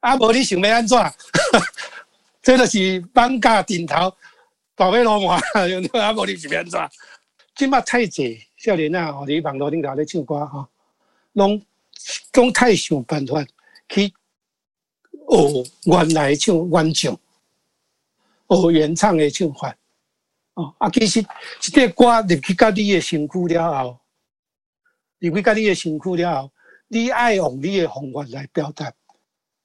阿、啊、無你想要安怎？這就是放假頂頭寶貝落來，阿無你想要安怎？今麥太濟少年啊，喎！你網絡頂頭咧唱歌吼，攏攏太想辦法去哦，原來唱原唱，哦，原唱嘅唱法。哦，啊，啊，其實，即個歌入去家你嘅身軀了後，入去家你嘅身軀了後，你愛用你嘅方法來表達。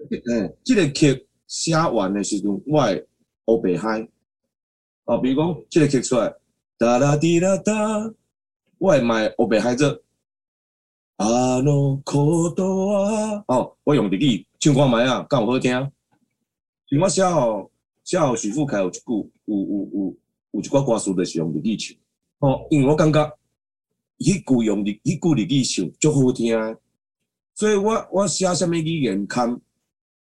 誒、欸，這個劇寫完的時候我會粵語嗨、哦。比如說這個劇出來噠啦啲啦噠，我係咪粵語嗨啫，喏，嗰度啊，哦，我用日語唱過埋啊，咁好聽。因為我寫寫許富凱有一句，有有有有，有，有，有一句歌詞就是用日語唱。哦，因為我感覺一句用呢呢句嚟語唱，最好聽。所以我我寫什麼嘅語言？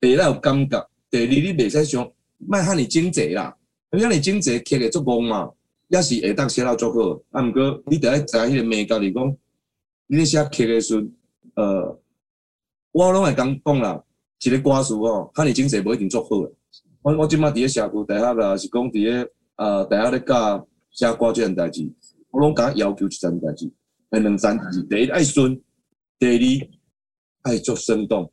第一有感覺，第二你袂使想莫遐爾精致啦，遐爾精致劇嘅作工嘛，也是下當寫得足好，啊，毋過你著愛知影迄個面家裡講，你咧寫劇嘅時，呃，我攏會咁講啦，一個歌詞吼，遐爾精致無一定足好，我我即擺佇咧社區底下啦，是講佇個啊底下咧教寫歌即樣代志，我攏敢要求一陣代志，係兩陣代志，第一愛順，第二愛足、哎、生動。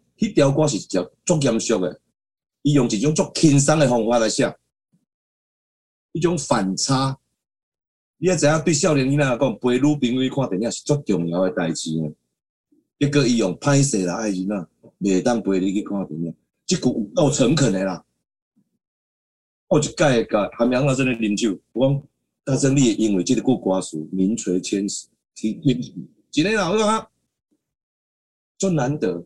呢條 歌是足足嚴肅的，佢用一種足輕鬆的方法來寫，一種反差。你一知啊，對少年囡仔嚟講，陪女朋友看電影是足重要嘅代志嘅。結果佢用歹勢啦，愛人啊，未當陪你去看電影，即句有夠誠懇嘅啦。我只介個韓陽老師嚟飲酒，我講，但係你因為呢個歌是名垂千史，聽，幾你老哥、啊，足難得。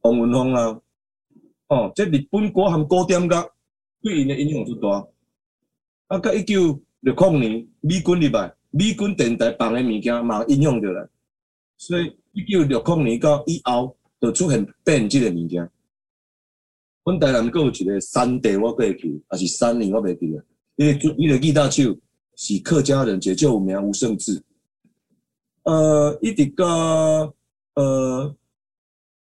洪文峰啊，哦，即日本歌行古典歌對因嘅影響最大。啊，到一九六零年，美軍入來，美軍電台放嘅物件嘛，影響到啦。所以一九六零年到以後，就出現變質嘅物件。本台南閣有一個山地，我過去，啊是山林，我未記啊。因為伊個吉他手是客家人，一個有名吳勝志。呃，伊個呃。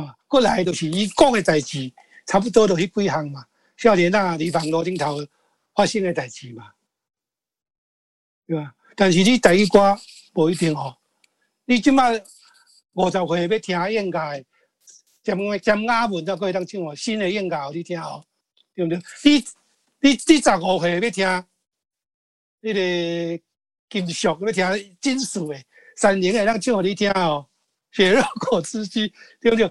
啊、嗯，過來就是伊講誒代志，差不多著迄幾項嘛。少年啦，佇方羅頂頭發生誒代志嘛，對嘛？但是你第一掛唔一定哦。你即擺五十歲要聽演歌，尖尖牙門則可會當唱我、哦、新嘅演歌去聽哦，對毋？對？你你你十五歲要聽呢個金屬要聽金屬誒，三年會當唱互你聽哦，血肉果汁機，對唔對？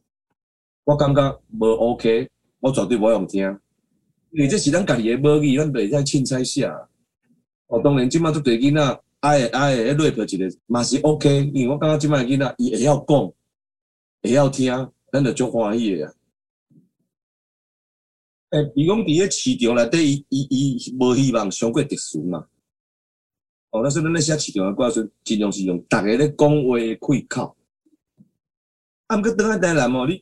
我感覺無 OK，我絕對無用聽。因為這是咱家己母語，咱咪再凊彩寫。我就下、哦、當然即晚都對囡仔啦，哎愛一迄類別一個嘛是 OK。因為我感覺即晚嘅囡仔，伊會曉講，會曉聽，咱就足歡喜嘅。誒、欸，比如講喺啲市場內底，伊伊無希望傷過特殊嘛。哦，那所以咧，寫市場嘅歌手，盡量是用逐個咧講話嘅開口。咁佢等下一人哦，你？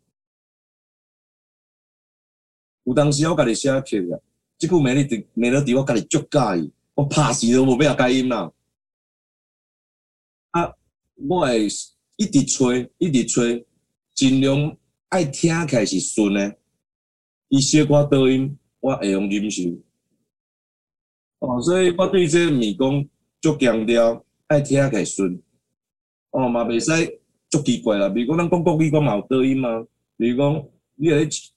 有當時我家己寫詞嘅，即個名日未得地，我家下捉介，我拍死都無必要介音啦。啊，我會一直吹，一直吹，盡量愛聽起來是順嘅。伊少掛倒音，我會用忍受。哦，所以我對即個咪講，足強調愛聽起來順。哦，嘛袂使足奇怪啦，比如講，咱講國語，講嘛有倒音嘛、啊，比如講，你喺。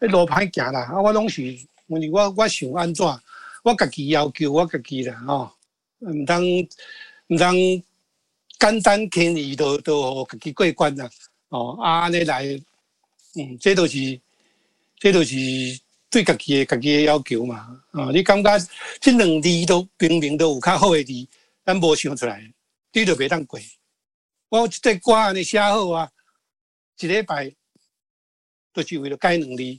一路歹行啦，啊！我攏是，問你我我想安怎，我家己要求我家己啦，吼、哦，毋通毋通簡單輕易都都給家己過關啦，哦，啊，安尼來，嗯，這都、就是這都是對家己嘅家己嘅要求嘛，啊、哦，你感覺這兩字都明明都有較好嘅字，咱無想出來，字就袂當改。我即個歌安尼寫好啊，一禮拜都是為了改兩字。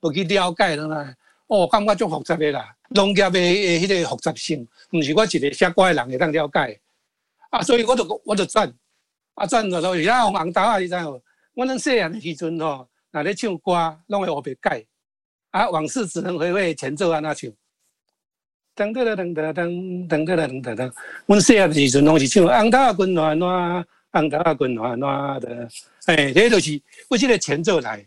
要去了解啦，哦，感覺足複雜嘅啦，農業嘅誒，迄個複雜性，毋是我一個寫歌嘅人會當了解。啊，所以我就我就轉，啊轉了後，現在紅紅大啊，你知無？阮咱細漢嘅時陣吼，若咧唱歌，攏會學別改啊，往事只能回味前奏啊，那唱。噔噔噔噔噔噔噔噔噔噔噔，阮細漢嘅時陣攏是唱《紅大滾暖暖》，《紅大滾暖暖》的、啊，誒、啊，這、欸、個就是阮這個前奏來。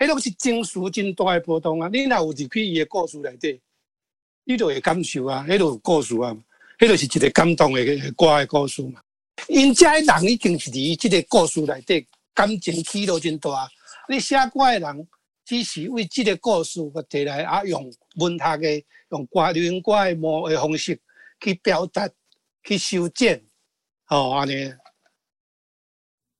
迄攏是情緒真大嘅波動啊！你那有進去伊嘅故事內底，你就會感受啊。迄攏有故事啊，迄攏是一個感動嘅歌嘅故事嘛。因這人已經是離這個故事內底感情起落真大。你寫歌的人只是為這個故事，而提來啊用文學嘅、用歌聯歌嘅模的方式去表達、去修剪好安尼。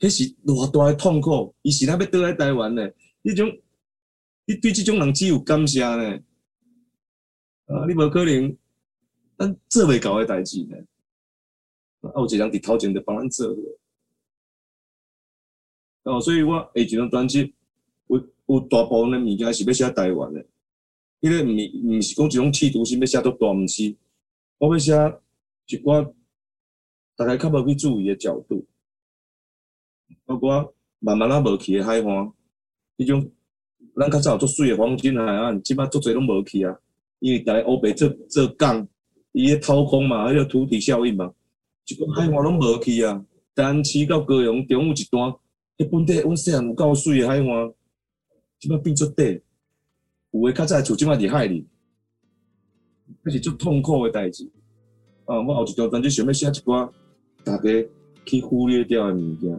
迄是偌大嘅痛苦，伊是咱要倒來台灣嘞，迄種，你對這種人只有感謝呢啊，你無可能們不的事，咱做未到誒代志呢啊，有一我只張佇頭前佇幫咱做，啊、哦，所以我誒這張專輯，欸、有有大部分誒物件是要寫台灣誒，因為唔唔是講一種企圖是要寫到大物起，我要寫一寡，大家較無去注意誒角度。包括慢慢啊，無去嘅海岸，迄種咱較早有足水嘅黃金海岸，即擺足儕攏無去啊！因為台烏貝特浙江，伊咧掏空嘛，迄、那個土地效應嘛，一寡海岸攏無去啊！但去到高雄，中有一段，迄、欸、本地，往昔有夠水嘅海岸，即擺變足短，有嘅較早住即擺佇海裡，迄是足痛苦嘅代志。啊，我後一張專輯想要寫一寡大家去忽略掉嘅物件。